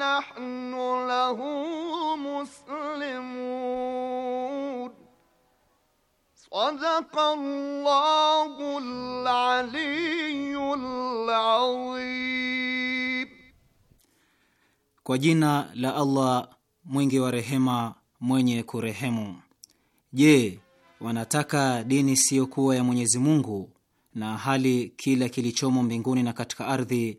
nahnu lahu muslimun. Sadaqallahul aliyyul azim. Kwa jina la Allah mwingi wa rehema mwenye kurehemu. Je, wanataka dini siyo kuwa ya Mwenyezi Mungu na hali kila kilichomo mbinguni na katika ardhi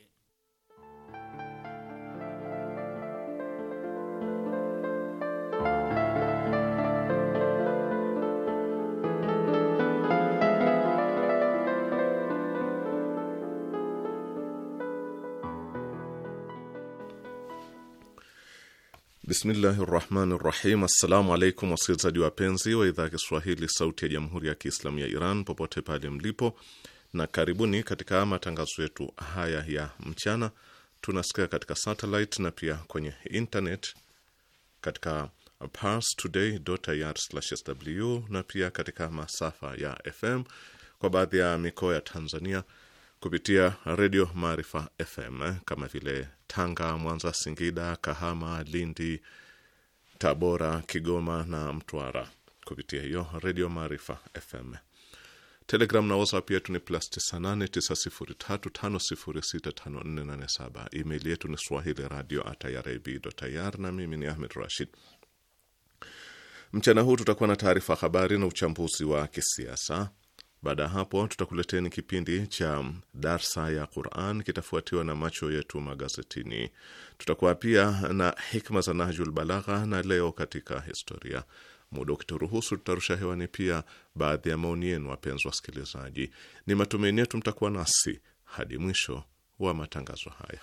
Bismillahi rahmani rahim. Assalamu alaikum wasikilizaji wapenzi wa idhaa ya Kiswahili sauti ya jamhuri ya Kiislamu ya Iran popote pale mlipo, na karibuni katika matangazo yetu haya ya mchana. Tunasikia katika satellite na pia kwenye internet katika parstoday.ir/sw na pia katika masafa ya FM kwa baadhi ya mikoa ya Tanzania kupitia redio Maarifa FM eh, kama vile Tanga, Mwanza, Singida, Kahama, Lindi, Tabora, Kigoma na Mtwara kupitia hiyo Redio Maarifa FM. Telegram na WhatsApp yetu ni plus 989035065487. Email yetu ni swahili radio irib.ir, na mimi ni Ahmed Rashid. Mchana huu tutakuwa na taarifa habari na uchambuzi wa kisiasa. Baada ya hapo, tutakuleteni kipindi cha darsa ya Quran, kitafuatiwa na macho yetu magazetini. Tutakuwa pia na hikma za Nahjul Balagha na leo katika historia. Muda ukituruhusu, tutarusha hewani pia baadhi ya maoni yenu, wapenzi wasikilizaji. Ni matumaini yetu mtakuwa nasi hadi mwisho wa matangazo haya.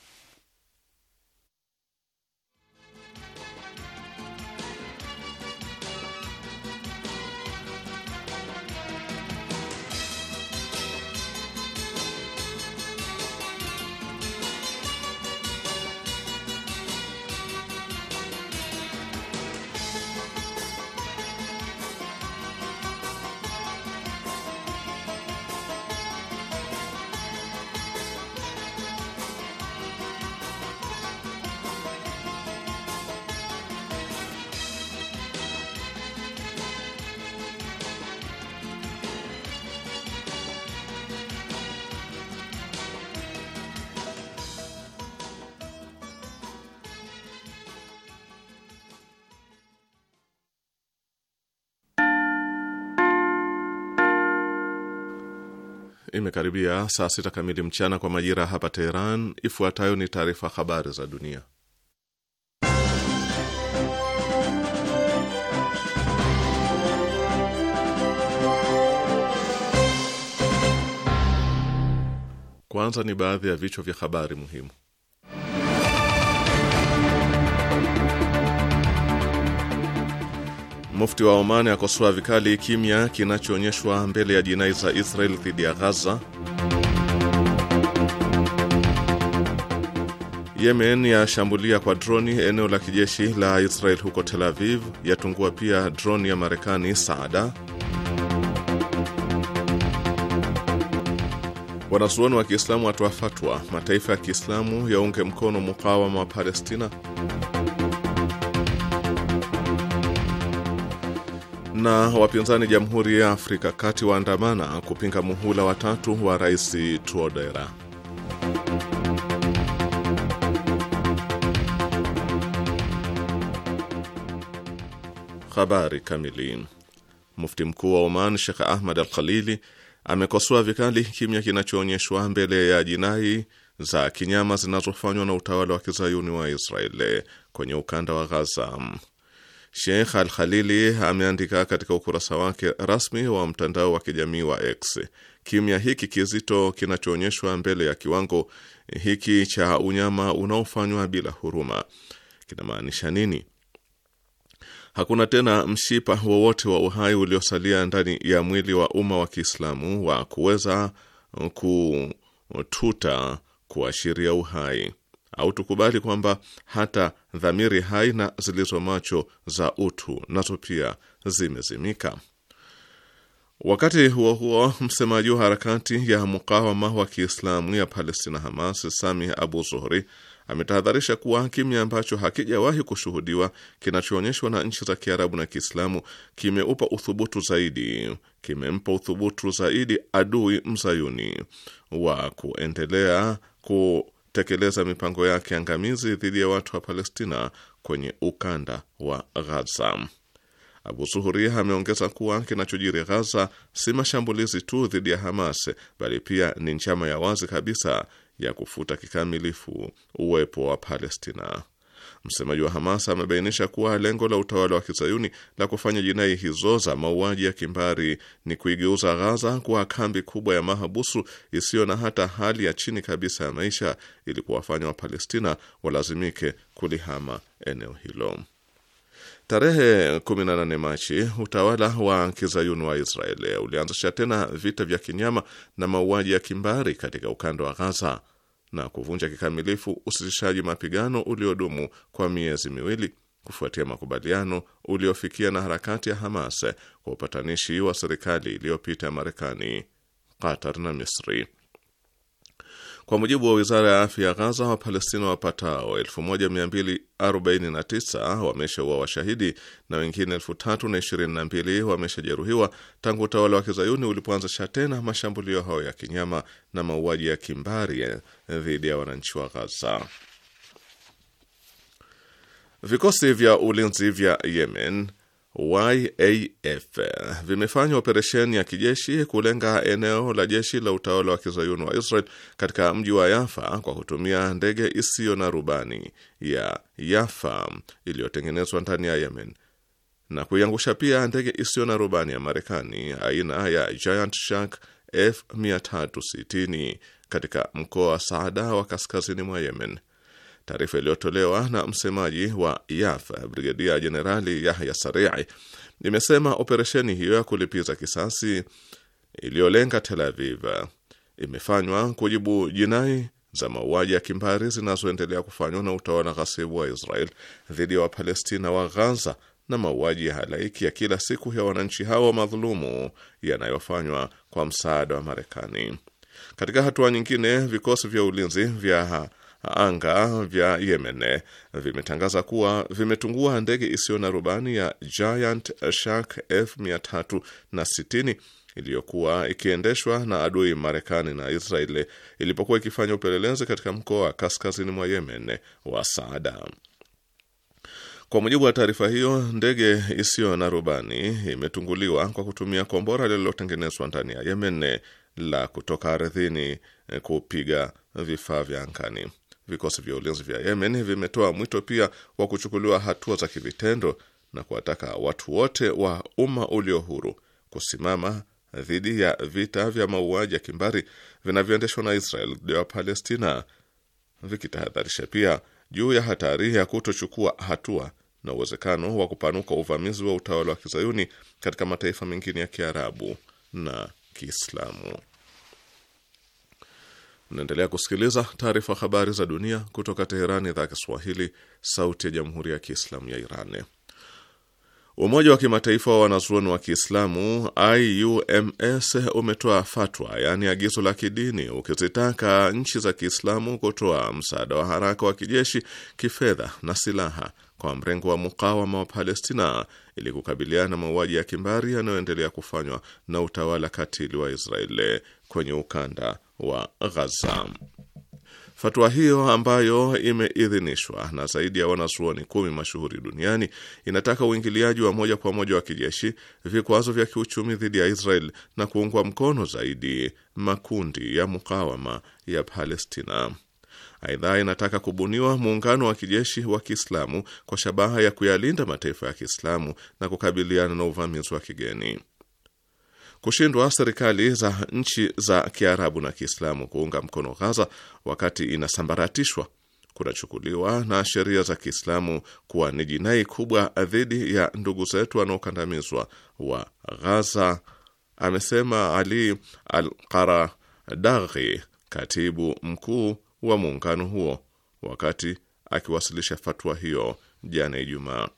Imekaribia saa sita kamili mchana kwa majira hapa Teheran. Ifuatayo ni taarifa habari za dunia. Kwanza ni baadhi ya vichwa vya habari muhimu. Mufti wa Oman akosoa vikali kimya kinachoonyeshwa mbele ya jinai za Israel dhidi ya Gaza. Yemen yashambulia kwa droni eneo la kijeshi la Israel huko Tel Aviv, yatungua pia droni ya Marekani Saada. Wanazuoni wa Kiislamu watoa fatwa mataifa ya Kiislamu yaunge mkono mukawama wa Palestina. Na wapinzani Jamhuri ya Afrika Kati waandamana kupinga muhula watatu wa Rais tuodera Habari kamili. Mufti mkuu wa Oman shekh Ahmad Al Khalili amekosoa vikali kimya kinachoonyeshwa mbele ya jinai za kinyama zinazofanywa na utawala wa kizayuni wa Israeli kwenye ukanda wa ghaza Sheikh Al Khalili ameandika katika ukurasa wake rasmi wa mtandao wa kijamii wa X, kimya hiki kizito kinachoonyeshwa mbele ya kiwango hiki cha unyama unaofanywa bila huruma kinamaanisha nini? Hakuna tena mshipa wowote wa uhai uliosalia ndani ya mwili wa umma wa Kiislamu wa kuweza kututa kuashiria uhai au tukubali kwamba hata dhamiri hai na zilizo macho za utu nazo pia zimezimika. Wakati huo huo, msemaji wa harakati ya mukawama wa Kiislamu ya Palestina, Hamas, Sami Abu Zuhri ametahadharisha kuwa kimya ambacho hakijawahi kushuhudiwa kinachoonyeshwa na nchi za Kiarabu na Kiislamu kimeupa uthubutu zaidi, kimempa uthubutu zaidi adui mzayuni wa kuendelea ku kutekeleza mipango yake angamizi dhidi ya watu wa Palestina kwenye ukanda wa Ghaza. Abu Suhuri ameongeza kuwa kinachojiri Ghaza si mashambulizi tu dhidi ya Hamas, bali pia ni njama ya wazi kabisa ya kufuta kikamilifu uwepo wa Palestina. Msemaji wa Hamas amebainisha kuwa lengo la utawala wa kizayuni la kufanya jinai hizo za mauaji ya kimbari ni kuigeuza Ghaza kuwa kambi kubwa ya mahabusu isiyo na hata hali ya chini kabisa ya maisha ili kuwafanya Wapalestina walazimike kulihama eneo hilo. Tarehe 18 Machi, utawala wa kizayuni wa Israeli ulianzisha tena vita vya kinyama na mauaji ya kimbari katika ukanda wa Ghaza na kuvunja kikamilifu usitishaji mapigano uliodumu kwa miezi miwili kufuatia makubaliano uliofikia na harakati ya Hamas kwa upatanishi wa serikali iliyopita Marekani, Qatar na Misri. Kwa mujibu wa wizara ya afya ya Ghaza, Wapalestina wapatao 1249 wameshaua washahidi na wengine 3022 wameshajeruhiwa tangu utawala wa kizayuni ulipoanzisha tena mashambulio hayo ya kinyama na mauaji ya kimbari dhidi ya wananchi wa Ghaza. Vikosi vya ulinzi vya Yemen YAF vimefanya operesheni ya kijeshi kulenga eneo la jeshi la utawala wa kizayuni wa Israel katika mji wa Yafa kwa kutumia ndege isiyo na rubani ya Yafa iliyotengenezwa ndani ya Yemen na kuiangusha pia ndege isiyo na rubani ya Marekani aina ya Giant Shark F360 katika mkoa wa Saada wa kaskazini mwa Yemen. Taarifa iliyotolewa na msemaji wa YAF Brigedia Jenerali Yahya Sarii imesema operesheni hiyo ya kulipiza kisasi iliyolenga Tel Aviv imefanywa kujibu jinai za mauaji ya kimbari zinazoendelea kufanywa na utawala ghasibu wa Israel dhidi ya Wapalestina wa Ghaza na mauaji ya halaiki ya kila siku ya wananchi hao madhulumu yanayofanywa kwa msaada wa Marekani. Katika hatua nyingine, vikosi vya ulinzi vya anga vya Yemen eh, vimetangaza kuwa vimetungua ndege isiyo na rubani ya Giant Shark F360 iliyokuwa ikiendeshwa na adui Marekani na Israeli ilipokuwa ikifanya upelelezi katika mkoa wa kaskazini mwa Yemen eh, wa Saada. Kwa mujibu wa taarifa hiyo, ndege isiyo na rubani imetunguliwa kwa kutumia kombora lililotengenezwa ndani ya Yemen eh, la kutoka ardhini kupiga vifaa vya angani. Vikosi vya ulinzi vya Yemen vimetoa mwito pia wa kuchukuliwa hatua za kivitendo na kuwataka watu wote wa umma ulio huru kusimama dhidi ya vita vya mauaji ya kimbari vinavyoendeshwa na Israel dhidi ya Palestina, vikitahadharisha pia juu ya hatari ya kutochukua hatua na uwezekano wa kupanuka uvamizi wa utawala wa kizayuni katika mataifa mengine ya Kiarabu na Kiislamu. Unaendelea kusikiliza taarifa habari za dunia kutoka Teherani, idhaa ya Kiswahili, sauti ya jamhuri ya kiislamu ya Iran. Umoja wa kimataifa wa wanazuoni wa Kiislamu IUMS umetoa fatwa, yaani agizo la kidini, ukizitaka nchi za Kiislamu kutoa msaada wa haraka wa kijeshi, kifedha na silaha kwa mrengo wa mukawama wa Palestina ili kukabiliana na mauaji ya kimbari yanayoendelea kufanywa na utawala katili wa Israeli kwenye ukanda wa Ghaza. Fatua hiyo ambayo imeidhinishwa na zaidi ya wanazuoni kumi mashuhuri duniani inataka uingiliaji wa moja kwa moja wa kijeshi, vikwazo vya kiuchumi dhidi ya Israel na kuungwa mkono zaidi makundi ya mukawama ya Palestina. Aidha, inataka kubuniwa muungano wa kijeshi wa Kiislamu kwa shabaha ya kuyalinda mataifa ya Kiislamu na kukabiliana na uvamizi wa kigeni. Kushindwa serikali za nchi za Kiarabu na Kiislamu kuunga mkono Ghaza wakati inasambaratishwa kunachukuliwa na sheria za Kiislamu kuwa ni jinai kubwa dhidi ya ndugu zetu wanaokandamizwa wa Ghaza, amesema Ali Al-Qaradaghi, katibu mkuu wa muungano huo, wakati akiwasilisha fatwa hiyo jana Ijumaa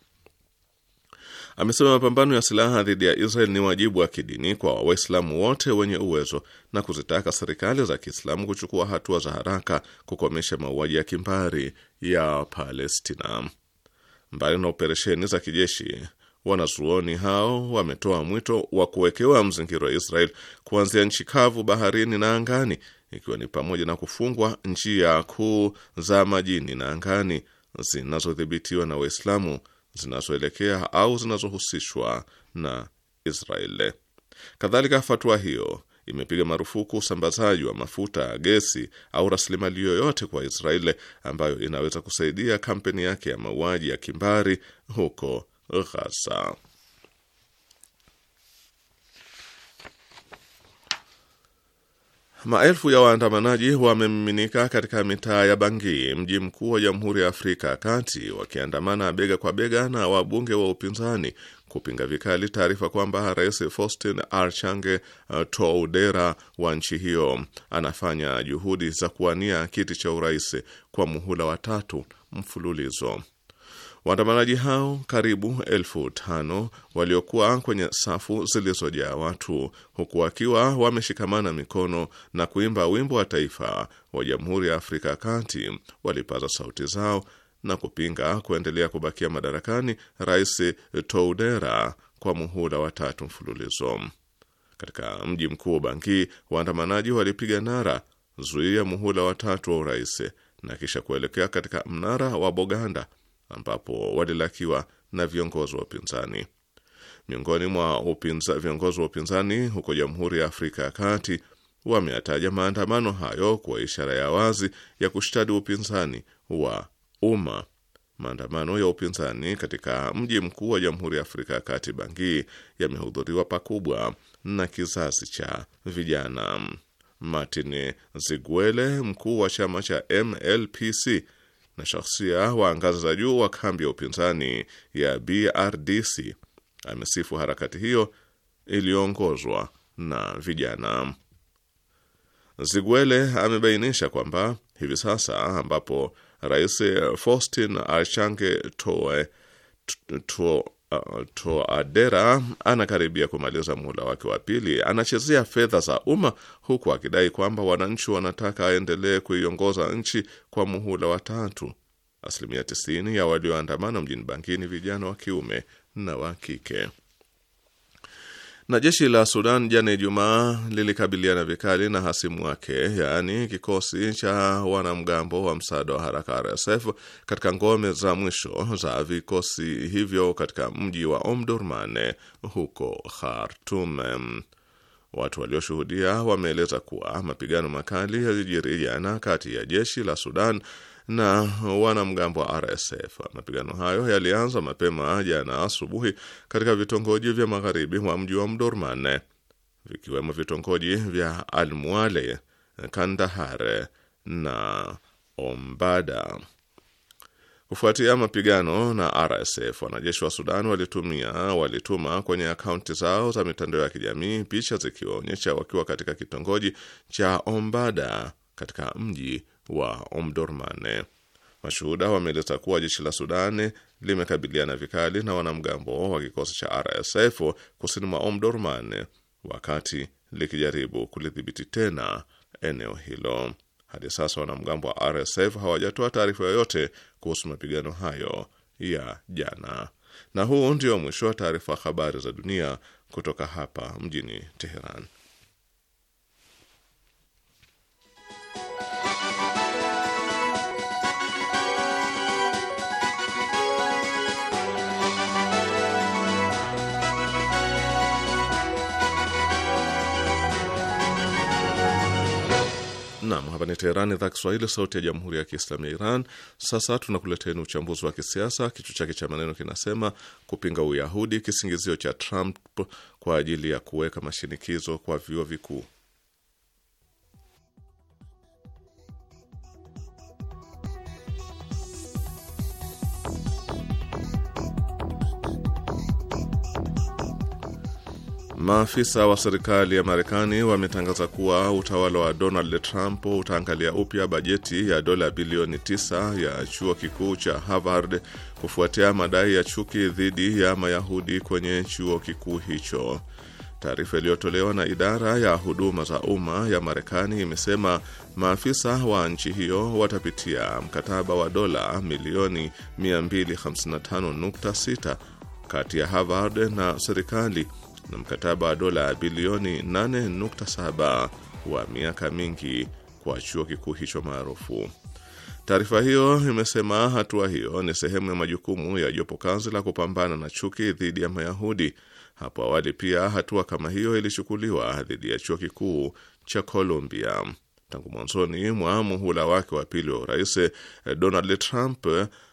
amesema mapambano ya silaha dhidi ya Israel ni wajibu wa kidini kwa Waislamu wote wenye uwezo na kuzitaka serikali za Kiislamu kuchukua hatua za haraka kukomesha mauaji ya kimbari ya Palestina. Mbali na operesheni za kijeshi, wanazuoni hao wametoa mwito wa kuwekewa mzingiro wa Israel kuanzia nchi kavu, baharini na angani, ikiwa ni pamoja na kufungwa njia kuu za majini na angani zinazodhibitiwa na Waislamu zinazoelekea au zinazohusishwa na Israeli. Kadhalika, fatua hiyo imepiga marufuku usambazaji wa mafuta, gesi au rasilimali yoyote kwa Israeli ambayo inaweza kusaidia kampeni yake ya mauaji ya kimbari huko Ghaza. Maelfu ya waandamanaji wamemiminika katika mitaa ya Bangi, mji mkuu wa Jamhuri ya Afrika ya Kati, wakiandamana bega kwa bega na wabunge wa upinzani kupinga vikali taarifa kwamba Rais Faustin Archange uh, toudera wa nchi hiyo anafanya juhudi za kuwania kiti cha urais kwa muhula wa tatu mfululizo. Waandamanaji hao karibu elfu tano waliokuwa kwenye safu zilizojaa watu huku wakiwa wameshikamana mikono na kuimba wimbo wa taifa wa Jamhuri ya Afrika ya Kati walipaza sauti zao na kupinga kuendelea kubakia madarakani Rais Toudera kwa muhula wa tatu mfululizo. Katika mji mkuu Bangi, waandamanaji walipiga nara zuia muhula wa tatu wa urais na kisha kuelekea katika mnara wa Boganda ambapo walilakiwa na viongozi wa upinzani. Miongoni mwa upinza, viongozi wa upinzani huko Jamhuri ya Afrika ya Kati wameyataja maandamano hayo kuwa ishara ya wazi ya kushtadi upinzani wa umma. Maandamano ya upinzani katika mji mkuu wa Jamhuri ya Afrika ya Kati, Bangui, yamehudhuriwa pakubwa na kizazi cha vijana. Martin Ziguele, mkuu wa chama cha MLPC na shahsia wa ngazi za juu wa kambi ya upinzani ya BRDC amesifu harakati hiyo iliyoongozwa na vijana. Zigwele amebainisha kwamba hivi sasa ambapo Rais Faustin Archange Toe Toadera anakaribia kumaliza muhula wake wa pili, anachezea fedha za umma huku akidai kwamba wananchi wanataka aendelee kuiongoza nchi kwa muhula wa tatu. Asilimia 90 ya walioandamana mjini Bangui ni vijana wa kiume na wa kike. Na jeshi la Sudan jana Ijumaa lilikabiliana vikali na hasimu wake, yaani kikosi cha wanamgambo wa msaada wa haraka RSF katika ngome za mwisho za vikosi hivyo katika mji wa Omdurman huko Khartum. Watu walioshuhudia wameeleza kuwa mapigano makali yalijiri jana kati ya jeshi la Sudan na wanamgambo wa RSF. Mapigano hayo yalianza mapema jana asubuhi katika vitongoji vya magharibi mwa mji wa Mdurman, vikiwemo vitongoji vya Almuale, Kandahare na Ombada. Kufuatia mapigano na RSF, wanajeshi wa Sudan walitumia walituma kwenye akaunti zao za mitandao ya kijamii picha zikiwaonyesha wakiwa katika kitongoji cha Ombada katika mji wa Omdurman. Mashuhuda wameeleza kuwa jeshi la Sudani limekabiliana vikali na wanamgambo wa kikosi cha RSF kusini mwa Omdurman wakati likijaribu kulidhibiti tena eneo hilo. Hadi sasa wanamgambo wa RSF hawajatoa taarifa yoyote kuhusu mapigano hayo ya jana. Na huu ndio mwisho wa taarifa habari za dunia kutoka hapa mjini Teheran. Nam, hapa ni Teherani, idhaa Kiswahili, sauti ya jamhuri ya kiislamu ya Iran. Sasa tunakuleteni uchambuzi wa kisiasa, kichwa chake cha maneno kinasema kupinga Uyahudi, kisingizio cha Trump kwa ajili ya kuweka mashinikizo kwa vyuo vikuu. Maafisa wa serikali ya Marekani wametangaza kuwa utawala wa Donald Trump utaangalia upya bajeti ya dola bilioni 9 ya chuo kikuu cha Harvard kufuatia madai ya chuki dhidi ya Mayahudi kwenye chuo kikuu hicho. Taarifa iliyotolewa na idara ya huduma za umma ya Marekani imesema maafisa wa nchi hiyo watapitia mkataba wa dola milioni 255.6 kati ya Harvard na serikali na mkataba wa dola bilioni 8.7 wa miaka mingi kwa chuo kikuu hicho maarufu. Taarifa hiyo imesema hatua hiyo ni sehemu ya majukumu ya jopo kazi la kupambana na chuki dhidi ya Mayahudi. Hapo awali pia hatua kama hiyo ilichukuliwa dhidi ya chuo kikuu cha Columbia. Tangu mwanzoni mwa muhula wake wa pili wa urais, Donald Trump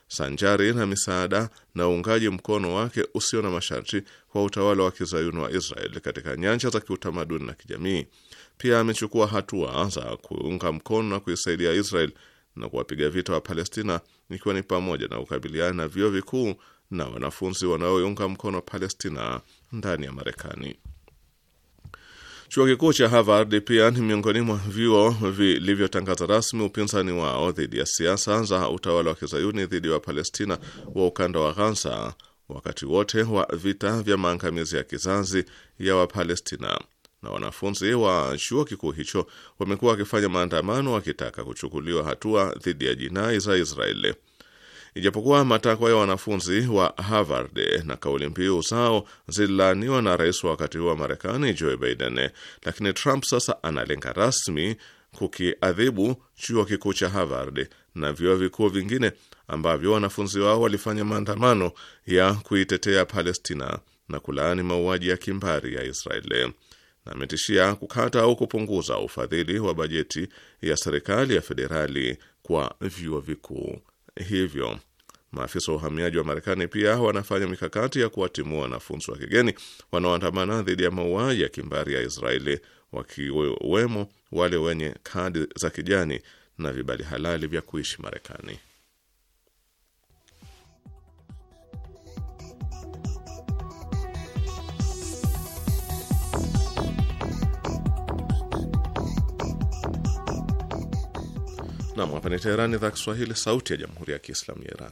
sanjari na misaada na uungaji mkono wake usio na masharti kwa utawala wa kizayuni wa Israel katika nyanja za kiutamaduni na kijamii. Pia amechukua hatua za kuunga mkono na kuisaidia Israel na kuwapiga vita wa Palestina, ikiwa ni pamoja na kukabiliana na vyuo vikuu na wanafunzi wanaoiunga mkono Palestina ndani ya Marekani. Chuo kikuu cha Harvard pia ni miongoni mwa vyuo vilivyotangaza rasmi upinzani wao dhidi ya siasa za utawala wa kizayuni dhidi ya Wapalestina wa ukanda wa Ghaza wakati wote wa vita vya maangamizi ya kizazi ya Wapalestina na wanafunzi wa chuo kikuu hicho wamekuwa wakifanya maandamano wakitaka kuchukuliwa hatua dhidi ya jinai za Israeli. Ijapokuwa matakwa ya wanafunzi wa Harvard na kauli mbiu zao zililaaniwa na rais wa wakati huo wa Marekani Joe Biden, lakini Trump sasa analenga rasmi kukiadhibu chuo kikuu cha Harvard na vyuo vikuu vingine ambavyo wanafunzi wao walifanya maandamano ya kuitetea Palestina na kulaani mauaji ya kimbari ya Israeli na ametishia kukata au kupunguza ufadhili wa bajeti ya serikali ya federali kwa vyuo vikuu hivyo. Maafisa wa uhamiaji wa Marekani pia wanafanya mikakati ya kuwatimua wanafunzi wa kigeni wanaoandamana dhidi ya mauaji ya kimbari ya Israeli, wakiwemo wale wenye kadi za kijani na vibali halali vya kuishi Marekani. Nam, hapa ni Teherani, idhaa Kiswahili, sauti ya jamhuri ya kiislamu ya Iran.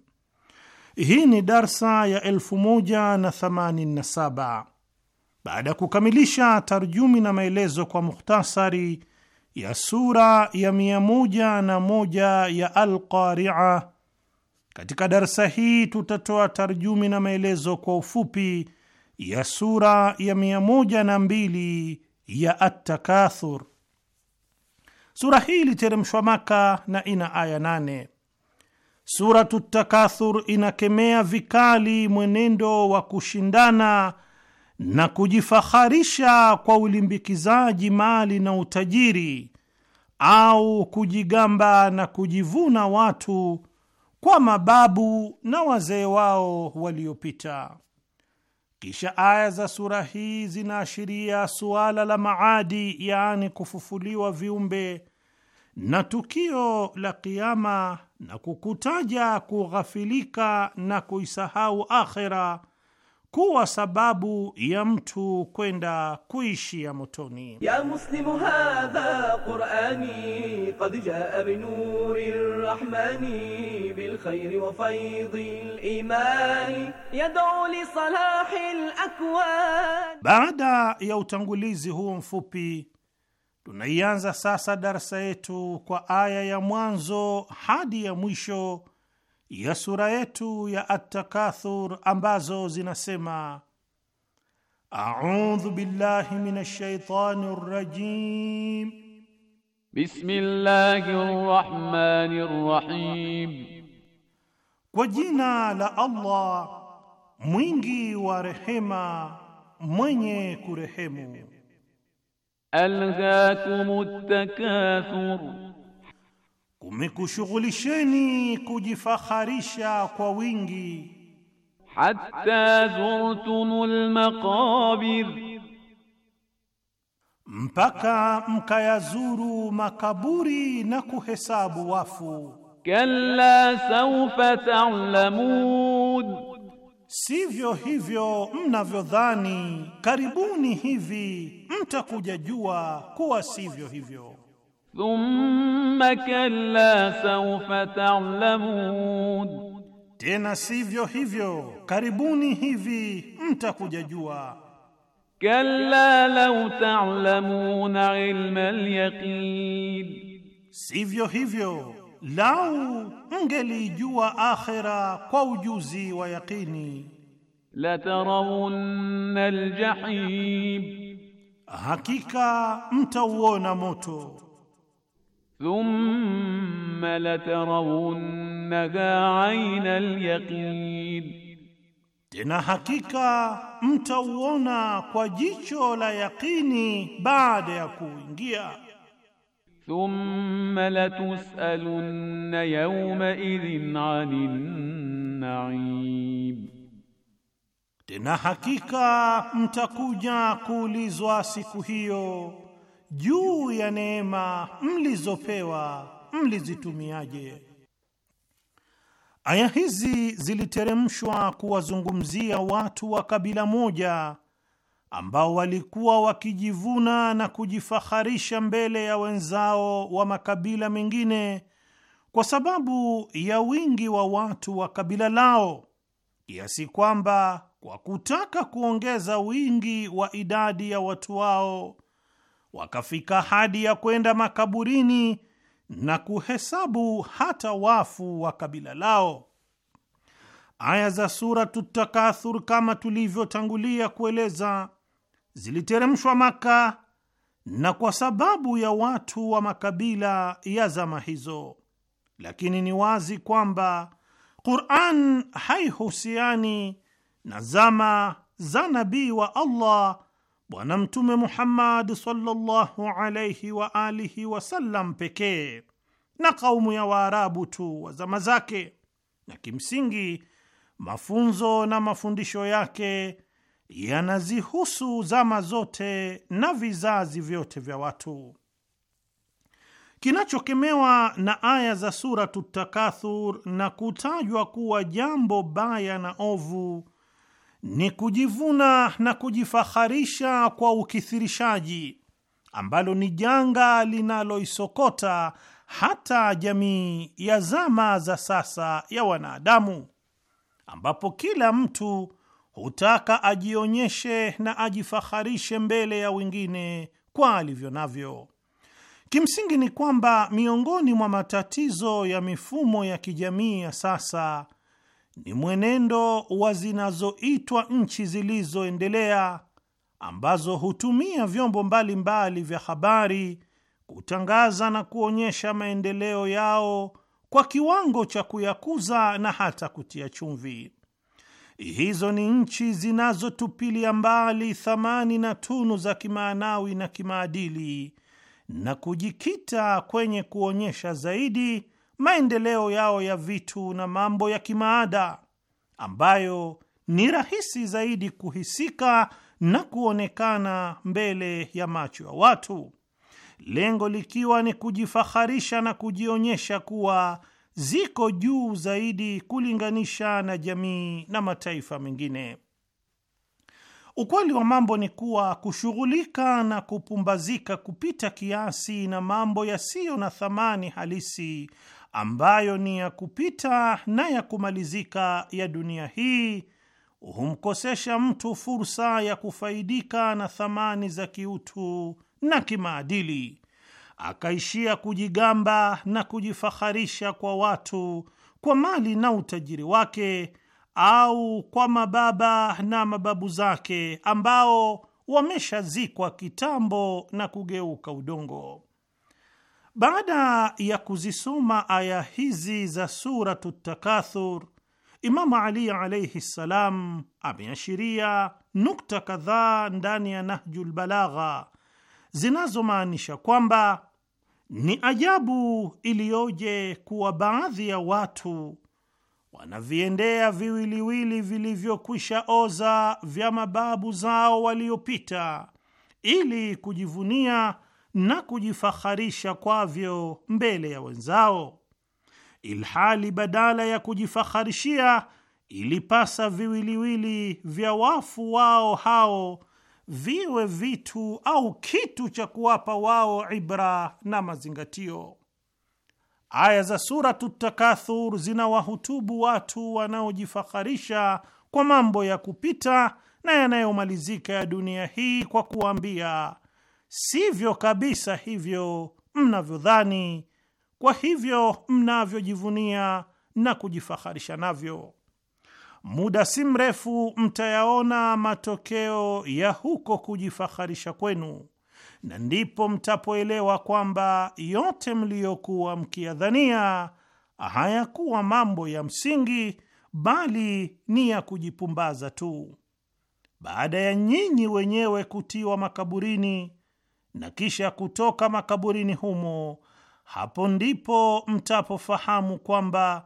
Hii ni darsa ya 1087 baada ya kukamilisha tarjumi na maelezo kwa mukhtasari ya sura ya 101 ya al Katika darsa hii tutatoa tarjumi na maelezo kwa ufupi ya sura ya 102 ya At-Takathur. Sura hii iliteremshwa Maka na ina aya 8. Suratu Takathur inakemea vikali mwenendo wa kushindana na kujifaharisha kwa ulimbikizaji mali na utajiri au kujigamba na kujivuna watu kwa mababu na wazee wao waliopita. Kisha aya za sura hii zinaashiria suala la maadi, yaani kufufuliwa viumbe na tukio la kiama na kukutaja kughafilika na kuisahau akhera kuwa sababu ya mtu kwenda kuishia motoni. ya muslimu hadha qurani qad jaa bi nuri rahmani bil bilkhairi wa faidhi limani yad'u li salahi al akwan. Baada ya utangulizi huo mfupi Tunaianza sasa darsa yetu kwa aya ya mwanzo hadi ya mwisho ya sura yetu ya At-Takathur ambazo zinasema: audhu billahi minash shaitani rrajim, bismillahi rrahmani rrahim, kwa jina la Allah mwingi wa rehema mwenye kurehemu. alghakum takathur, kumekushughulisheni kujifaharisha kwa wingi. Hatta zurtumul maqabir, mpaka mkayazuru makaburi na kuhesabu wafu. Kalla sawfa ta'lamun Sivyo hivyo mnavyodhani, karibuni hivi mtakuja jua kuwa sivyo hivyo. Thumma kalla sawfa ta'lamun, tena sivyo hivyo, karibuni hivi mtakuja jua. Kalla law ta'lamun ilma al-yaqin, sivyo hivyo lau mngelijua akhira kwa ujuzi wa yaqini, la tarawunna aljahim, hakika mtauona moto. Thumma la tarawunnaha aina alyaqin, tena hakika mtauona kwa jicho la yaqini baada ya kuingia thumma latusalunna yawma idhin anin naim, tena hakika mtakuja kuulizwa siku hiyo juu ya neema mlizopewa mlizitumiaje. Aya hizi ziliteremshwa kuwazungumzia watu wa kabila moja ambao walikuwa wakijivuna na kujifaharisha mbele ya wenzao wa makabila mengine kwa sababu ya wingi wa watu wa kabila lao, kiasi kwamba kwa kutaka kuongeza wingi wa idadi ya watu wao wakafika hadi ya kwenda makaburini na kuhesabu hata wafu wa kabila lao. Aya za Suratu Takathur, kama tulivyotangulia kueleza ziliteremshwa Maka na kwa sababu ya watu wa makabila ya zama hizo, lakini ni wazi kwamba Qur'an haihusiani na zama za nabii wa Allah Bwana Mtume Muhammad sallallahu alayhi wa alihi wasallam pekee na kaumu ya Waarabu tu wa zama zake, na kimsingi mafunzo na mafundisho yake yanazihusu zama zote na vizazi vyote vya watu. Kinachokemewa na aya za Suratu Takathur na kutajwa kuwa jambo baya na ovu ni kujivuna na kujifaharisha kwa ukithirishaji, ambalo ni janga linaloisokota hata jamii ya zama za sasa ya wanadamu, ambapo kila mtu hutaka ajionyeshe na ajifaharishe mbele ya wengine kwa alivyo navyo. Kimsingi ni kwamba miongoni mwa matatizo ya mifumo ya kijamii ya sasa ni mwenendo wa zinazoitwa nchi zilizoendelea ambazo hutumia vyombo mbalimbali mbali vya habari kutangaza na kuonyesha maendeleo yao kwa kiwango cha kuyakuza na hata kutia chumvi. Hizo ni nchi zinazotupilia mbali thamani na tunu za kimaanawi na kimaadili na kujikita kwenye kuonyesha zaidi maendeleo yao ya vitu na mambo ya kimaada ambayo ni rahisi zaidi kuhisika na kuonekana mbele ya macho ya watu, lengo likiwa ni kujifaharisha na kujionyesha kuwa ziko juu zaidi kulinganisha na jamii na mataifa mengine. Ukweli wa mambo ni kuwa kushughulika na kupumbazika kupita kiasi na mambo yasiyo na thamani halisi ambayo ni ya kupita na ya kumalizika ya dunia hii humkosesha mtu fursa ya kufaidika na thamani za kiutu na kimaadili akaishia kujigamba na kujifaharisha kwa watu kwa mali na utajiri wake au kwa mababa na mababu zake ambao wameshazikwa kitambo na kugeuka udongo. Baada ya kuzisoma aya hizi za Suratu Takathur, Imamu Ali alaihi ssalam ameashiria nukta kadhaa ndani ya Nahjul Balagha zinazomaanisha kwamba ni ajabu iliyoje kuwa baadhi ya watu wanaviendea viwiliwili vilivyokwisha oza vya mababu zao waliopita ili kujivunia na kujifaharisha kwavyo mbele ya wenzao, ilhali badala ya kujifaharishia ilipasa viwiliwili vya wafu wao hao viwe vitu au kitu cha kuwapa wao ibra na mazingatio. Aya za Suratu Takathur zinawahutubu watu wanaojifaharisha kwa mambo ya kupita na yanayomalizika ya dunia hii kwa kuwambia sivyo kabisa hivyo mnavyodhani, kwa hivyo mnavyojivunia na kujifaharisha navyo muda si mrefu mtayaona matokeo ya huko kujifaharisha kwenu, na ndipo mtapoelewa kwamba yote mliyokuwa mkiyadhania hayakuwa mambo ya msingi, bali ni ya kujipumbaza tu. Baada ya nyinyi wenyewe kutiwa makaburini na kisha kutoka makaburini humo, hapo ndipo mtapofahamu kwamba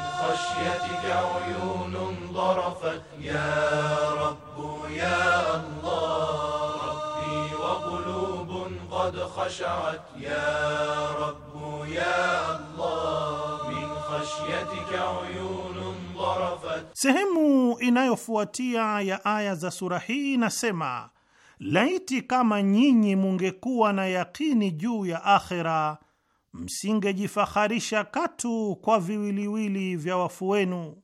خشيتك عيون ضرفت يا رب يا الله ربي وقلوب قد خشعت يا رب يا الله من خشيتك عيون ضرفت Sehemu inayofuatia ya aya za sura hii inasema laiti kama nyinyi mungekuwa na yakini juu ya akhera msingejifaharisha katu kwa viwiliwili vya wafu wenu,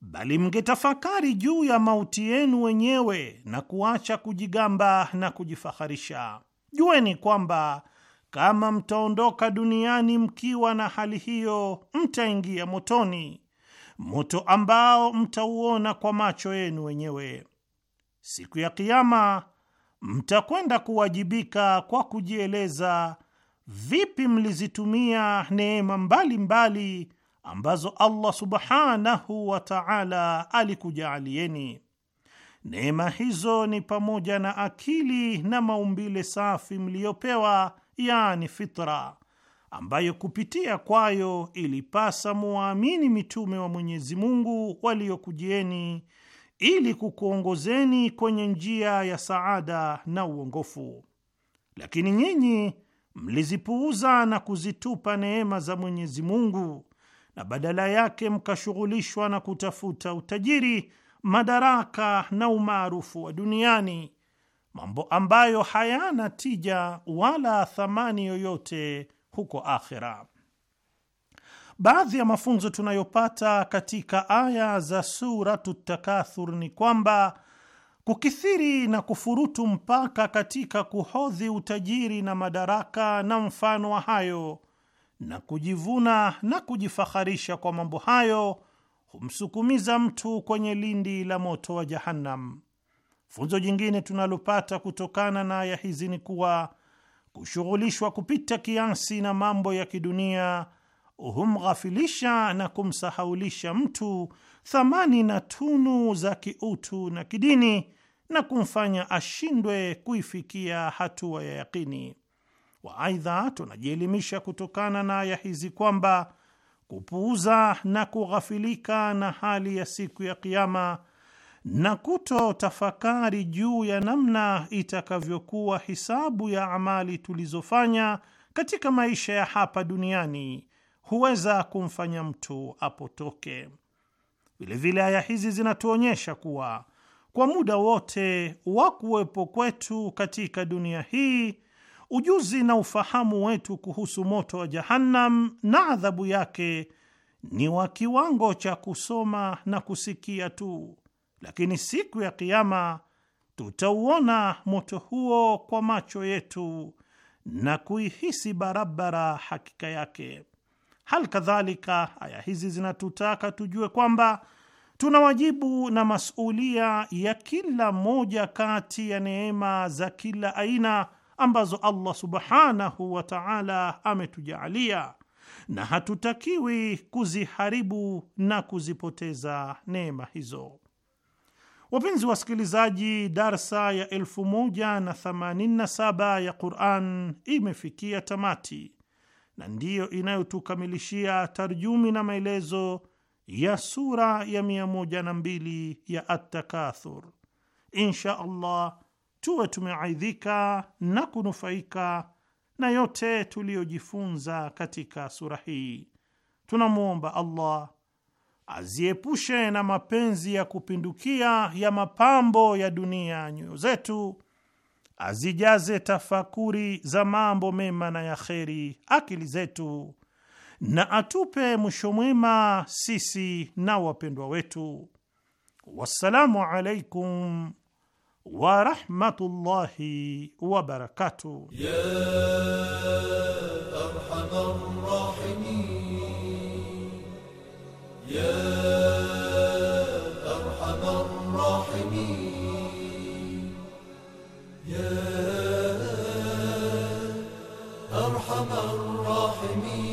bali mngetafakari juu ya mauti yenu wenyewe na kuacha kujigamba na kujifaharisha. Jueni kwamba kama mtaondoka duniani mkiwa na hali hiyo, mtaingia motoni, moto ambao mtauona kwa macho yenu wenyewe. Siku ya Kiama mtakwenda kuwajibika kwa kujieleza vipi mlizitumia neema mbalimbali ambazo Allah subhanahu wa ta'ala alikujaalieni. Neema hizo ni pamoja na akili na maumbile safi mliyopewa, yani fitra, ambayo kupitia kwayo ilipasa muwaamini mitume wa Mwenyezi Mungu waliokujieni ili kukuongozeni kwenye njia ya saada na uongofu. Lakini nyinyi mlizipuuza na kuzitupa neema za Mwenyezi Mungu na badala yake mkashughulishwa na kutafuta utajiri, madaraka na umaarufu wa duniani, mambo ambayo hayana tija wala thamani yoyote huko akhera. Baadhi ya mafunzo tunayopata katika aya za Suratu Takathur ni kwamba Kukithiri na kufurutu mpaka katika kuhodhi utajiri na madaraka na mfano wa hayo na kujivuna na kujifaharisha kwa mambo hayo humsukumiza mtu kwenye lindi la moto wa Jahannam. Funzo jingine tunalopata kutokana na aya hizi ni kuwa kushughulishwa kupita kiasi na mambo ya kidunia humghafilisha na kumsahaulisha mtu thamani na tunu za kiutu na kidini na kumfanya ashindwe kuifikia hatua ya yaqini. Waaidha, tunajielimisha kutokana na aya hizi kwamba kupuuza na kughafilika na hali ya siku ya Kiama na kuto tafakari juu ya namna itakavyokuwa hisabu ya amali tulizofanya katika maisha ya hapa duniani huweza kumfanya mtu apotoke. Vilevile, aya hizi zinatuonyesha kuwa kwa muda wote wa kuwepo kwetu katika dunia hii ujuzi na ufahamu wetu kuhusu moto wa Jahannam na adhabu yake ni wa kiwango cha kusoma na kusikia tu, lakini siku ya Kiama tutauona moto huo kwa macho yetu na kuihisi barabara hakika yake. Hal kadhalika aya hizi zinatutaka tujue kwamba Tuna wajibu na masulia ya kila moja kati ya neema za kila aina ambazo Allah subhanahu wa ta'ala ametujaalia, na hatutakiwi kuziharibu na kuzipoteza neema hizo. Wapenzi wasikilizaji, darsa ya 187 ya Quran imefikia tamati na ndiyo inayotukamilishia tarjumi na maelezo ya sura ya mia moja na mbili ya At-Takathur. Insha Allah tuwe tumeaidhika na kunufaika na yote tuliyojifunza katika sura hii. Tunamwomba Allah aziepushe na mapenzi ya kupindukia ya mapambo ya dunia nyoyo zetu, azijaze tafakuri za mambo mema na ya kheri akili zetu na atupe mwisho mwema sisi na wapendwa wetu. Wassalamu alaikum wa rahmatullahi wa barakatuh. Ya arhamar rahimin,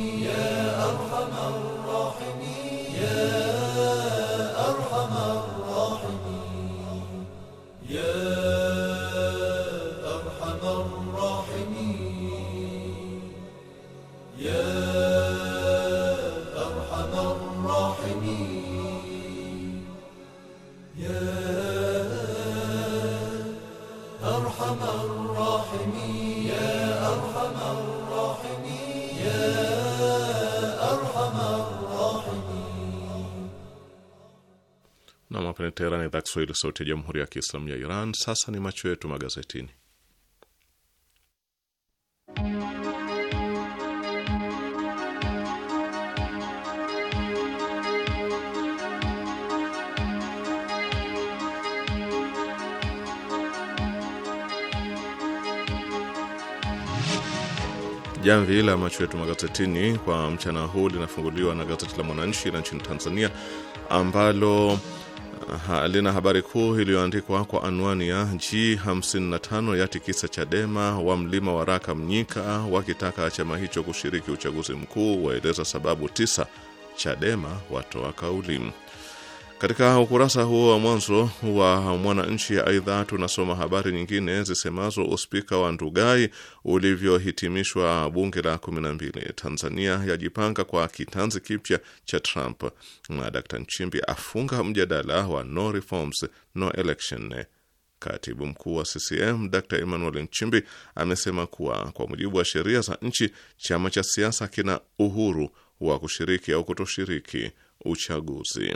hapa Teherani, idhaa Kiswahili, sauti ya jamhuri ya kiislamu ya Iran. Sasa ni macho yetu magazetini. Jamvi la macho yetu magazetini kwa mchana huu linafunguliwa na gazeti la Mwananchi la nchini Tanzania ambalo Aha, lina habari kuu iliyoandikwa kwa anwani ya G55 ya tikisa Chadema wa mlima wa Raka Mnyika wakitaka chama hicho kushiriki uchaguzi mkuu, waeleza sababu tisa. Chadema watoa kauli. Katika ukurasa huo wa mwanzo wa Mwananchi, aidha tunasoma habari nyingine zisemazo uspika wa Ndugai ulivyohitimishwa bunge la 12, Tanzania yajipanga kwa kitanzi kipya cha Trump, na Dr Nchimbi afunga mjadala wa no reforms no election. Katibu mkuu wa CCM Dr Emmanuel Nchimbi amesema kuwa kwa mujibu wa sheria za nchi, chama cha siasa kina uhuru wa kushiriki au kutoshiriki uchaguzi.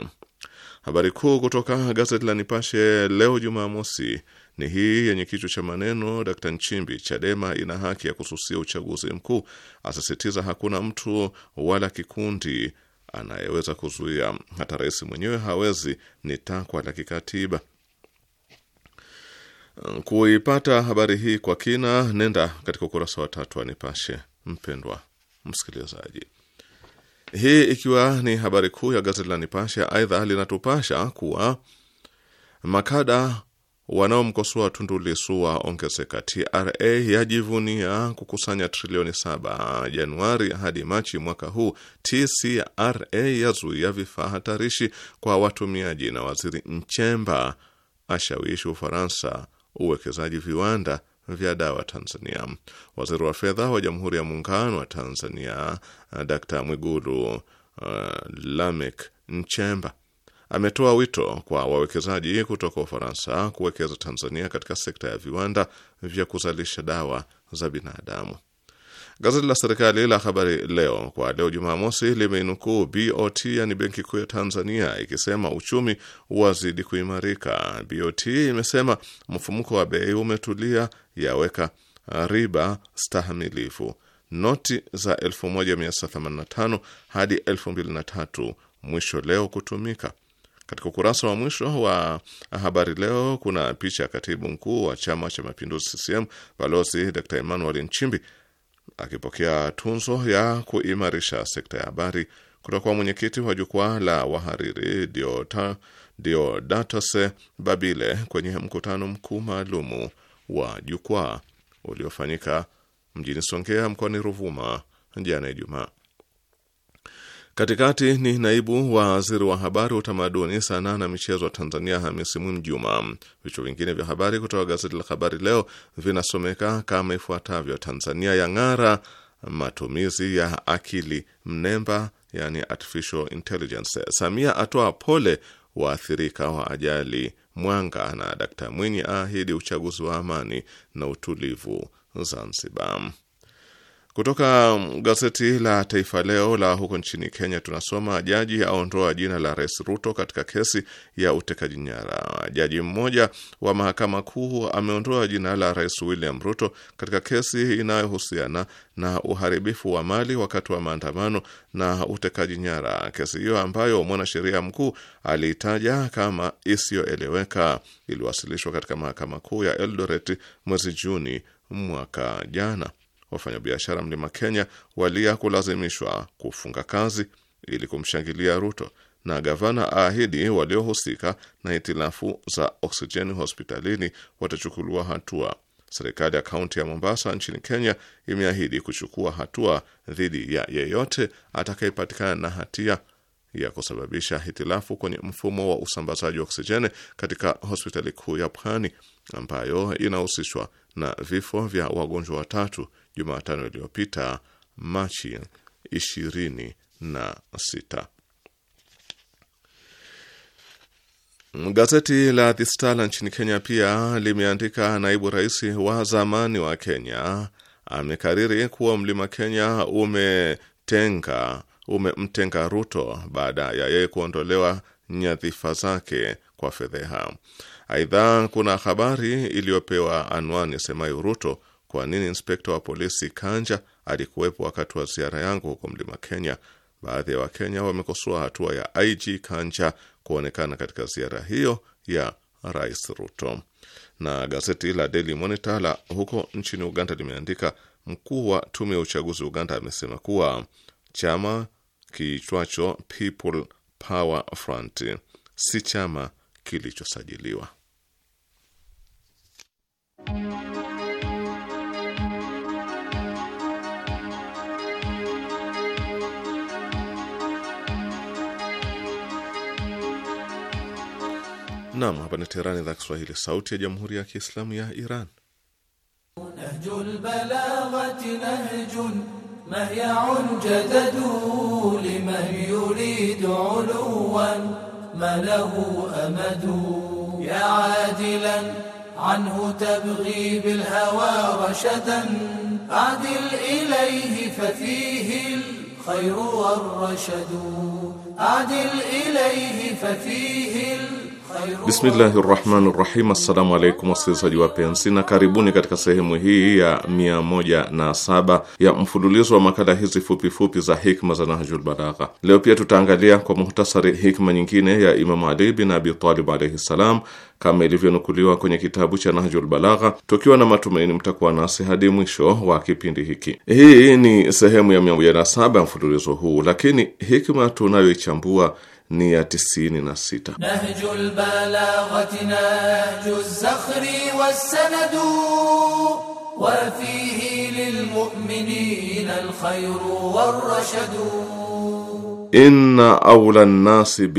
Habari kuu kutoka gazeti la Nipashe leo Jumamosi ni hii yenye kichwa cha maneno Dkt Nchimbi, Chadema ina haki ya kususia uchaguzi mkuu, asisitiza hakuna mtu wala kikundi anayeweza kuzuia, hata rais mwenyewe hawezi, ni takwa la kikatiba. Kuipata habari hii kwa kina, nenda katika ukurasa wa tatu wa Nipashe, mpendwa msikilizaji. Hii ikiwa ni habari kuu ya gazeti la nipasha Aidha, linatupasha kuwa makada wanaomkosoa Tundu Lissu waongezeka. TRA yajivunia kukusanya trilioni saba Januari hadi Machi mwaka huu. TCRA yazuia vifaa hatarishi kwa watumiaji, na waziri Nchemba ashawishi Ufaransa uwekezaji viwanda vya dawa Tanzania. Waziri wa fedha wa Jamhuri ya Muungano wa Tanzania eh, d Mwigulu uh, eh, Lamek Nchemba ametoa wito kwa wawekezaji kutoka Ufaransa kuwekeza Tanzania katika sekta ya viwanda vya kuzalisha dawa za binadamu. Gazeti la serikali la Habari Leo kwa leo Jumamosi limeinukuu BOT, yani Benki Kuu ya Tanzania, ikisema uchumi wazidi kuimarika. BOT imesema mfumuko wa bei umetulia, yaweka riba stahamilifu. Noti za 1985 hadi 2003 mwisho leo kutumika. Katika ukurasa wa mwisho wa habari leo kuna picha ya katibu mkuu wa Chama cha Mapinduzi CCM Balozi Dr Emmanuel Nchimbi akipokea tunzo ya kuimarisha sekta ya habari kutoka kwa mwenyekiti wa jukwaa la wahariri Diodatos Babile kwenye mkutano mkuu maalumu wa jukwaa uliofanyika mjini Songea mkoani Ruvuma jana Ijumaa. Katikati ni naibu wa waziri wa habari, utamaduni, sanaa na michezo wa Tanzania, Hamisi Mwinjuma. Vichwa vingine vya habari kutoka gazeti la Habari Leo vinasomeka kama ifuatavyo: Tanzania ya ng'ara matumizi ya akili mnemba, yani artificial intelligence. Samia atoa pole waathirika wa ajali Mwanga, na Dkt Mwinyi aahidi uchaguzi wa amani na utulivu Zanzibar. Kutoka gazeti la Taifa Leo la huko nchini Kenya tunasoma jaji aondoa jina la Rais Ruto katika kesi ya utekaji nyara. Jaji mmoja wa mahakama kuu ameondoa jina la Rais William Ruto katika kesi inayohusiana na uharibifu wa mali wakati wa maandamano na utekaji nyara, kesi hiyo ambayo mwanasheria mkuu aliitaja kama isiyoeleweka iliwasilishwa katika mahakama kuu ya Eldoret mwezi Juni mwaka jana. Wafanyabiashara mlima Kenya walia kulazimishwa kufunga kazi ili kumshangilia Ruto, na gavana aahidi waliohusika na hitilafu za oksijeni hospitalini watachukuliwa hatua. Serikali ya kaunti ya Mombasa nchini Kenya imeahidi kuchukua hatua dhidi ya yeyote atakayepatikana na hatia ya kusababisha hitilafu kwenye mfumo wa usambazaji wa oksijeni katika hospitali kuu ya Pwani ambayo inahusishwa na vifo vya wagonjwa watatu Jumatano iliyopita Machi 26. Gazeti la The Star nchini Kenya pia limeandika naibu rais wa zamani wa Kenya amekariri kuwa mlima Kenya umetenga umemtenga Ruto baada ya yeye kuondolewa nyadhifa zake kwa fedheha. Aidha, kuna habari iliyopewa anwani semayo Ruto kwa nini inspekta wa polisi Kanja alikuwepo wakati wa ziara yangu huko mlima Kenya. Baadhi ya Wakenya wamekosoa hatua ya IG Kanja kuonekana katika ziara hiyo ya Rais Ruto. Na gazeti la Daily Monitor la huko nchini Uganda limeandika mkuu wa tume ya uchaguzi Uganda amesema kuwa chama kiitwacho People Power Front si chama kilichosajiliwa. Naam, hapa ni Teherani, idhaa Kiswahili, sauti ya jamhuri ya kiislamu ya Iran. Adil ilayhi fafihi Bismillahi rahmani rahim. Assalamu alaikum wasikilizaji wapenzi, na karibuni katika sehemu hii ya mia moja na saba ya mfululizo wa makala hizi fupifupi za hikma za Nahjul Balagha. Leo pia tutaangalia kwa muhtasari hikma nyingine ya Imamu Ali bin Abi Talib alaihi ssalam kama ilivyonukuliwa kwenye kitabu cha Nahjul Balagha, tukiwa na matumaini mtakuwa nasi hadi mwisho wa kipindi hiki. Hii ni sehemu ya mia moja na saba ya mfululizo huu, lakini hikma tunayoichambua ni ya Inna awla an-nasi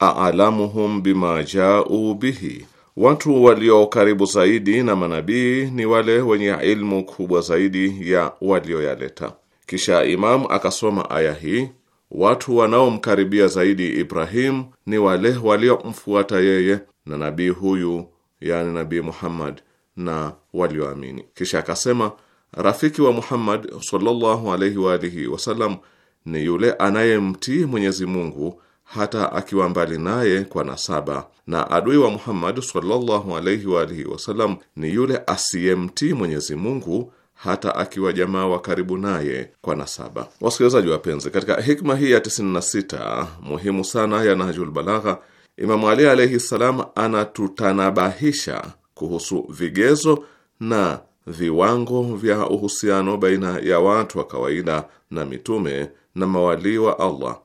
aalamuhum a'lamuhum bima ja'u bihi Watu walio karibu zaidi na manabii ni wale wenye ilmu kubwa zaidi ya walioyaleta. Kisha Imam akasoma aya hii Watu wanaomkaribia zaidi Ibrahim ni wale waliomfuata yeye na nabii huyu, yani Nabii Muhammad na walioamini. Kisha akasema, rafiki wa Muhammad sallallahu alaihi wa alihi wasallam ni yule anayemtii Mwenyezi Mungu hata akiwa mbali naye kwa nasaba, na adui wa Muhammad sallallahu alaihi wa alihi wasallam ni yule asiyemtii Mwenyezi Mungu hata akiwa jamaa wa karibu naye kwa nasaba. Wasikilizaji wapenzi, katika hikma hii ya 96 muhimu sana ya Nahjul Balagha, Imamu Ali alaihi ssalam anatutanabahisha kuhusu vigezo na viwango vya uhusiano baina ya watu wa kawaida na mitume na mawalii wa Allah.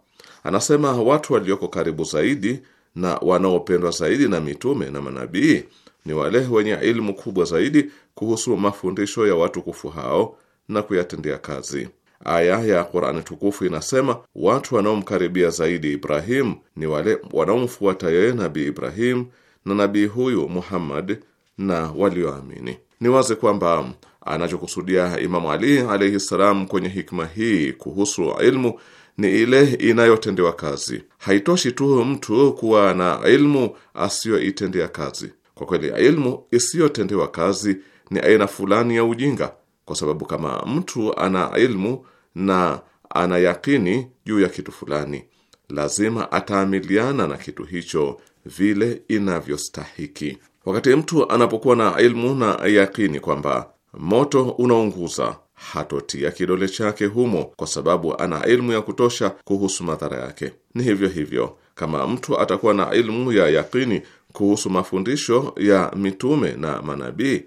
Anasema watu walioko karibu zaidi na wanaopendwa zaidi na mitume na manabii ni wale wenye ilmu kubwa zaidi kuhusu mafundisho ya watukufu hao na kuyatendea kazi. Aya ya Qur'ani tukufu inasema watu wanaomkaribia zaidi Ibrahim ni wale wanaomfuata yeye Nabii Ibrahim na nabii huyu Muhammad na walioamini. Ni wazi kwamba anachokusudia Imamu Ali alayhi ssalam kwenye hikma hii kuhusu ilmu ni ile inayotendewa kazi. Haitoshi tu mtu kuwa na ilmu asiyoitendea kazi, kwa kweli ilmu isiyotendewa kazi ni aina fulani ya ujinga, kwa sababu kama mtu ana ilmu na ana yakini juu ya kitu fulani, lazima ataamiliana na kitu hicho vile inavyostahiki. Wakati mtu anapokuwa na ilmu na yakini kwamba moto unaunguza, hatotia kidole chake humo, kwa sababu ana ilmu ya kutosha kuhusu madhara yake. Ni hivyo hivyo, kama mtu atakuwa na ilmu ya yakini kuhusu mafundisho ya mitume na manabii,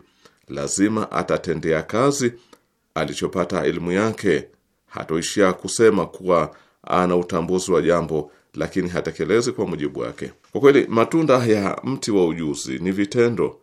lazima atatendea kazi alichopata elimu yake. Hatoishia kusema kuwa ana utambuzi wa jambo, lakini hatekelezi kwa mujibu wake. Kwa kweli, matunda ya mti wa ujuzi ni vitendo,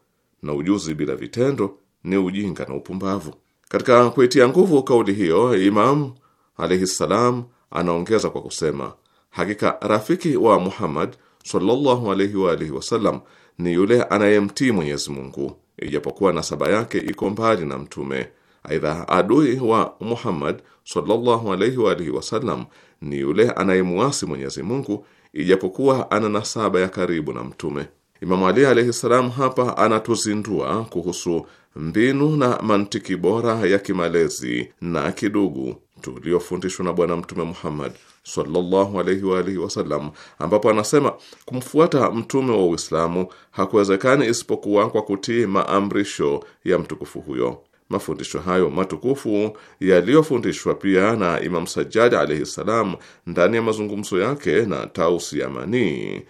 na ujuzi bila vitendo ni ujinga na upumbavu. Katika kuitia nguvu kauli hiyo, Imamu alaihi ssalam anaongeza kwa kusema, hakika rafiki wa Muhammad sallallahu alayhi wa alihi wasallam ni yule anayemtii Mwenyezi Mungu ijapokuwa nasaba yake iko mbali na mtume. Aidha, adui wa Muhammad sallallahu alayhi wa alihi wasallam ni yule anayemuasi Mwenyezi Mungu ijapokuwa ana nasaba ya karibu na mtume. Imamu Ali alayhi salam hapa anatuzindua kuhusu mbinu na mantiki bora ya kimalezi na kidugu tuliofundishwa na Bwana Mtume Muhammad sallallahu alaihi wa alihi wasallam, ambapo anasema kumfuata mtume wa Uislamu hakuwezekani isipokuwa kwa kutii maamrisho ya mtukufu huyo. Mafundisho hayo matukufu yaliyofundishwa pia na Imam Sajjad alaihi salam ndani ya mazungumzo yake na Tausi Yamani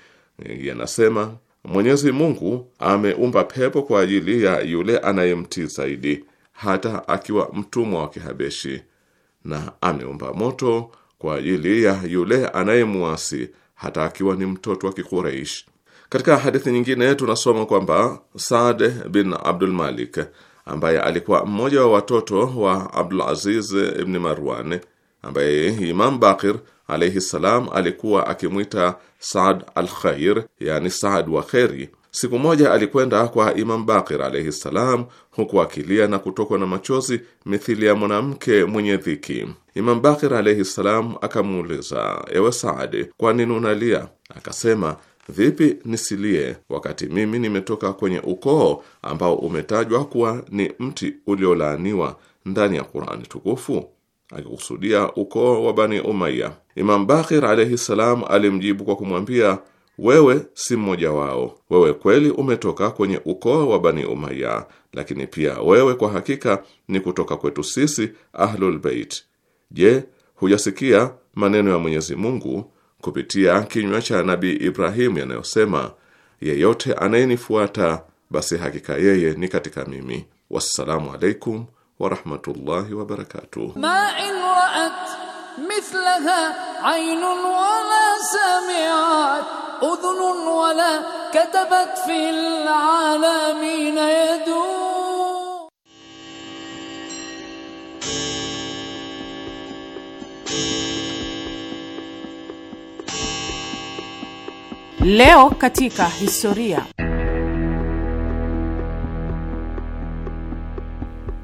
yanasema Mwenyezi Mungu ameumba pepo kwa ajili ya yule anayemtii zaidi, hata akiwa mtumwa wa Kihabeshi na ameumba moto kwa ajili ya yule anayemuasi hata akiwa ni mtoto wa Kikureish. Katika hadithi nyingine tunasoma kwamba Saad bin Abdul Malik ambaye alikuwa mmoja wa watoto wa Abdul Aziz ibn Marwan ambaye Imam Bakir alaihi salam alikuwa akimwita Saad al Khair, yani Saad wa kheri Siku moja alikwenda kwa Imam Bakir alaihi ssalam, huku akilia na kutokwa na machozi mithili ya mwanamke mwenye dhiki. Imam Bakir alaihi ssalam akamuuliza, ewe Saadi, kwa nini unalia? Akasema, vipi nisilie wakati mimi nimetoka kwenye ukoo ambao umetajwa kuwa ni mti uliolaaniwa ndani ya Qurani tukufu akikusudia ukoo wa Bani Umaya. Imam Bakir alaihi salam alimjibu kwa kumwambia wewe si mmoja wao. Wewe kweli umetoka kwenye ukoo wa Bani Umaya, lakini pia wewe kwa hakika ni kutoka kwetu sisi Ahlul Bait. Je, hujasikia maneno ya Mwenyezi Mungu kupitia kinywa cha Nabii Ibrahimu yanayosema, yeyote anayenifuata basi hakika yeye ni katika mimi. Wassalamu alaikum warahmatullahi wabarakatuh. مثلها عين ولا سمعت أذن ولا كتبت في العالمين يدور Leo katika historia.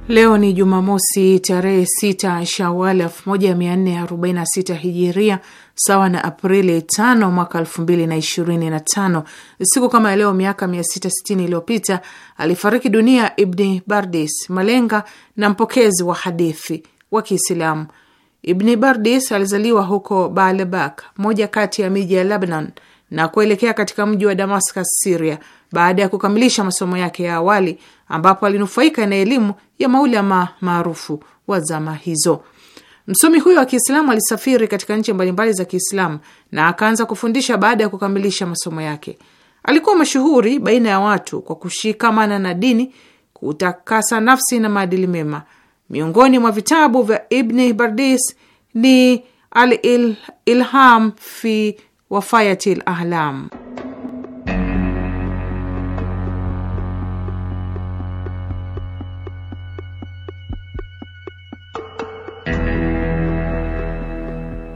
Leo ni Jumamosi tarehe 6 Shawal 1446 Hijiria, sawa na Aprili 5 mwaka 2025. Siku kama leo miaka 660 iliyopita alifariki dunia Ibni Bardis, malenga na mpokezi wa hadithi wa Kiislamu. Ibni Bardis alizaliwa huko Baalebak, moja kati ya miji ya Lebanon, na kuelekea katika mji wa Damascus, Siria, baada ya kukamilisha masomo yake ya awali, ambapo alinufaika na elimu ya maulama maarufu wa zama hizo. Msomi huyo wa Kiislamu alisafiri katika nchi mbalimbali za Kiislamu na akaanza kufundisha baada ya kukamilisha masomo yake. Alikuwa mashuhuri baina ya watu kwa kushikamana na dini, kutakasa nafsi na maadili mema. Miongoni mwa vitabu vya Ibni Bardis ni Al Ilham fi Wafayatil Ahlam.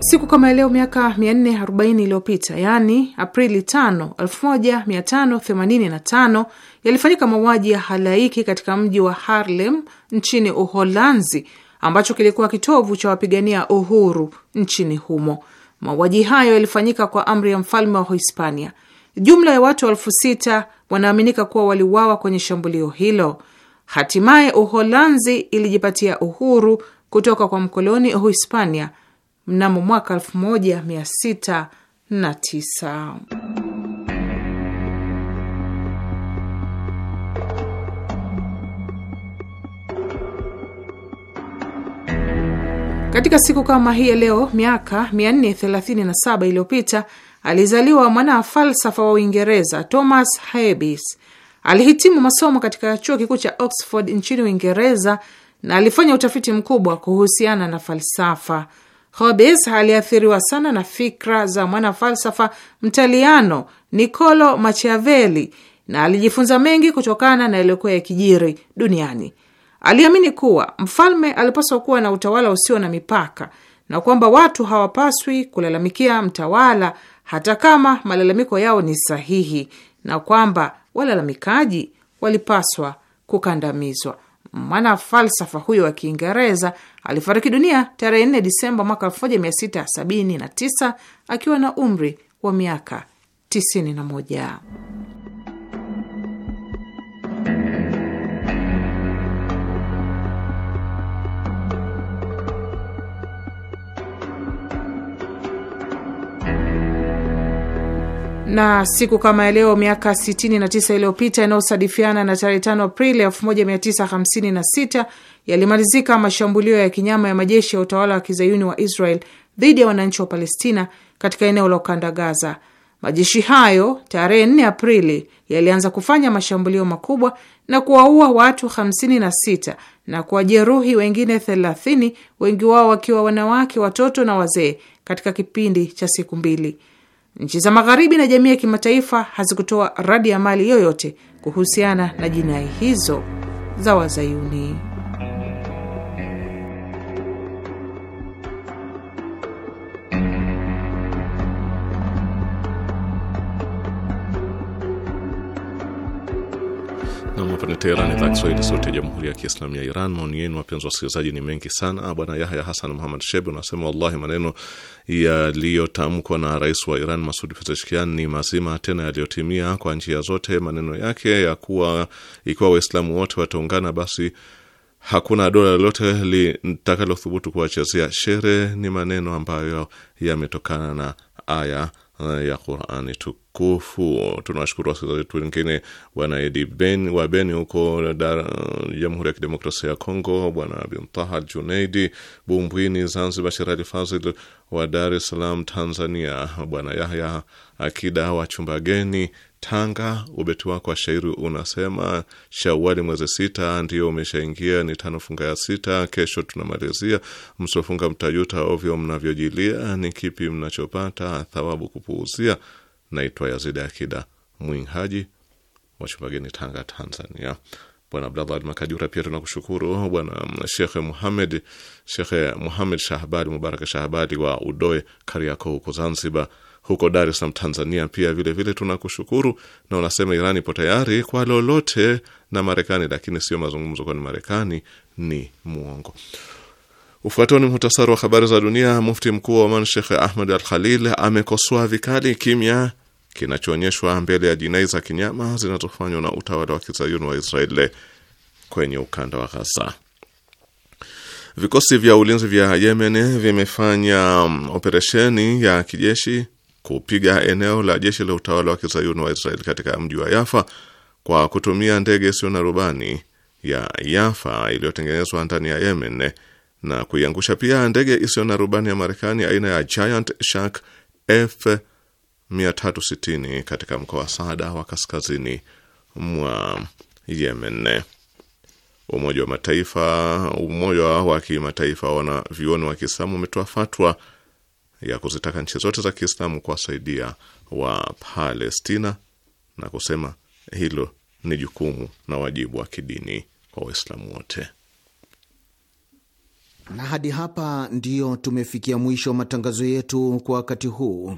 Siku kama leo miaka 440 iliyopita, yaani Aprili 5, 1585 yalifanyika mauaji ya halaiki katika mji wa Harlem nchini Uholanzi, ambacho kilikuwa kitovu cha wapigania uhuru nchini humo. Mauaji hayo yalifanyika kwa amri ya mfalme wa Hispania. Jumla ya watu elfu sita wanaaminika kuwa waliuawa kwenye shambulio hilo. Hatimaye Uholanzi ilijipatia uhuru kutoka kwa mkoloni Uhispania mnamo mwaka 1609. Katika siku kama hii ya leo miaka 437 iliyopita alizaliwa mwana falsafa wa Uingereza Thomas Hobbes. Alihitimu masomo katika chuo kikuu cha Oxford nchini Uingereza na alifanya utafiti mkubwa kuhusiana na falsafa. Hobbes aliathiriwa sana na fikra za mwanafalsafa mtaliano Niccolo Machiavelli na alijifunza mengi kutokana na yaliyokuwa yakijiri duniani. Aliamini kuwa mfalme alipaswa kuwa na utawala usio na mipaka na kwamba watu hawapaswi kulalamikia mtawala hata kama malalamiko yao ni sahihi, na kwamba walalamikaji walipaswa kukandamizwa. Mwana falsafa huyo wa Kiingereza alifariki dunia tarehe 4 Disemba mwaka 1679 akiwa na umri wa miaka 91. na siku kama leo miaka 69 iliyopita inayosadifiana na tarehe 5 Aprili 1956 yalimalizika mashambulio ya kinyama ya majeshi ya utawala wa kizayuni wa Israel dhidi ya wananchi wa Palestina katika eneo la ukanda Gaza. Majeshi hayo tarehe 4 Aprili yalianza kufanya mashambulio makubwa na kuwaua watu 56 na kuwajeruhi wengine 30, wengi wao wakiwa wanawake, watoto na wazee katika kipindi cha siku mbili. Nchi za Magharibi na jamii ya kimataifa hazikutoa radi ya mali yoyote kuhusiana na jinai hizo za Wazayuni. Nam, hapa ni Teherani, idhaa Kiswahili, sauti ya jamhuri ya kiislamu ya Iran. Maoni yenu wapenzi wasikilizaji ni mengi sana. Bwana Yahya Hasan Muhamad Shebe unasema wallahi, maneno yaliyotamkwa na rais wa Iran Masud Pezeshkian ni mazima tena yaliyotimia kwa njia zote. Maneno yake ya kuwa ikiwa Waislamu wote wataungana, basi hakuna dola lolote litakalothubutu kuwachezea shere, ni maneno ambayo yametokana na aya ya Qurani tuk kufuo. Tunawashukuru wasikilizaji wetu wengine, bwana Edi Ben wa Beni huko Jamhuri ya Kidemokrasia ya Kongo, bwana Bintaha Juneidi Bumbwini Zanzibar, Sherali Fazil wa Dar es Salaam Tanzania, bwana Yahya Akida wa Chumbageni Tanga. Ubeti wako wa shairi unasema Shawali mwezi sita ndio umeshaingia, ni tano funga ya sita, kesho tunamalizia. Msofunga mtajuta ovyo mnavyojilia, ni kipi mnachopata? Thawabu kupuuzia Naitwa Yazidi Akida Mwinhaji, Wachumbageni, Tanga, Tanzania. Bwana Abdallah Al Makajura, pia tunakushukuru. Bwana Shekhe Muhamed, Shekhe Muhamed Shahbadi Mubaraka Shahbadi wa Udoe, Kariako huko Zanzibar, huko Dar es Salaam, Tanzania, pia vilevile tunakushukuru. Na unasema Iran ipo tayari kwa lolote na Marekani, lakini sio mazungumzo, kwani Marekani ni mwongo. Ufuatao ni muhtasari wa habari za dunia. Mufti mkuu wa Oman Shekhe Ahmed Al Khalil amekosoa vikali kimya kinachoonyeshwa mbele ya jinai za kinyama zinazofanywa na utawala wa kizayuni wa Israeli kwenye ukanda wa Ghaza. Vikosi vya ulinzi vya Yemen vimefanya mm, operesheni ya kijeshi kupiga eneo la jeshi la utawala wa kizayuni wa Israeli katika mji wa Yafa kwa kutumia ndege isiyo na rubani ya Yafa iliyotengenezwa ndani ya Yemen na kuiangusha pia ndege isiyo na rubani ya Marekani aina ya Giant Shark F 360 katika mkoa wa Saada wa kaskazini mwa Yemen. Umoja wa Mataifa, Umoja wa Kimataifa wana vioni wa Kiislamu umetoa fatwa ya kuzitaka nchi zote za Kiislamu kuwasaidia wa Palestina na kusema hilo ni jukumu na wajibu wa kidini kwa Waislamu wote. Na hadi hapa ndiyo tumefikia mwisho wa matangazo yetu kwa wakati huu.